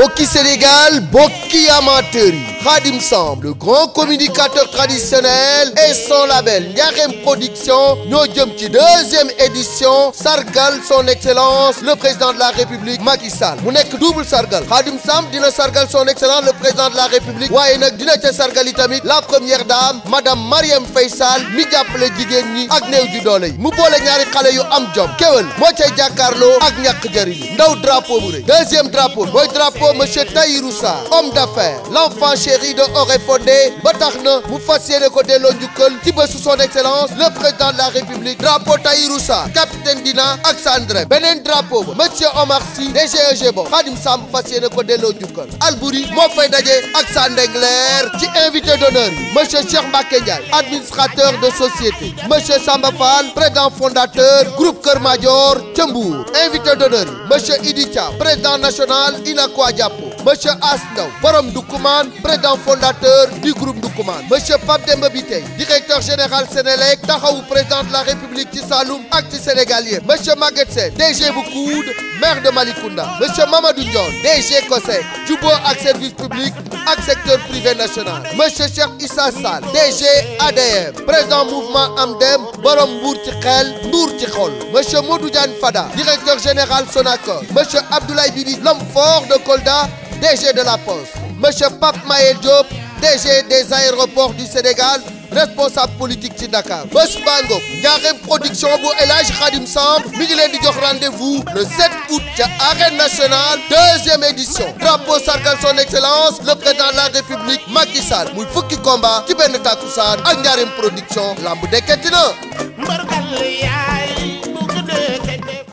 mbokki Sénégal mbokk mbokki amateur yi Khadim Samb le grand communicateur traditionnel et son label Ndiakhem Production ñoo jëm ci deuxième édition sargal son excellence le président de la république Macky Sall mu nekk double sargal Khadim Samb dina sargal son excellence le président de la république waaye nag dina ca sargal yi tamit la première dame madame Marième Faye Sall mi jàppale jigéen ñi ak néew ju doole yi mu boole ñaari xale yo am jom kéwél moo cay jàkkaarloo ak ñàkk jëriñu ndaw drapeau bu rëy deuxième drapeau mooy drapeau d'affaires l'enfant chéri de Oréfondé ba tax na mu fas yéene ko delloo njukkal ci bésu son excellence le président de la république drapeau Tahirou capitaine Dina ak Sandré beneen drapeau ba monsieur Omar Sy DGEG ba Khadim Samb fas yéene ko delloo njukkal Albouri moo fay daje ak Sandengler ci invité d'honneur yi monsieur Cheikh Mbacké administrateur de société monsieur Samba Fall président fondateur groupe Kër Madior ca Mbour invité d'honneur yi monsieur Idi Thiam président national borom Ndoukoumane président fondateur du groupe Ndoukoumane monsieur Pape Demba Bitèye directeur général Sénélec taxawu président de la République ci Saloum ak ci Sénégal yëpp monsieur Maguette Sène DG bu Koud maire de Malicounda monsieur Mamadou Ndione DG COSEC jubóo ak service public ak secteur privé national monsieur Cheikh Issa Sall DG ADM président mouvement Amdem borom mbuur ci xel nduur ci xol Fada directeur général Sonacor monsieur Abdoulaye Bibi l'homme fort de Kolda DG de la Poste monsieur Pape Mayel Diop DG des aéroports du Sénégal responsable politique ci Dakar bés bango njaareem production bu El Hadj Khadim Samb mi ngi leen di jox rendez-vous le 7 août ca arène nationale deuxième édition drapeau sargal son excellence le président de la république Macky Sall muy fukki combat ci benn takkusaan ak njaareem production lamb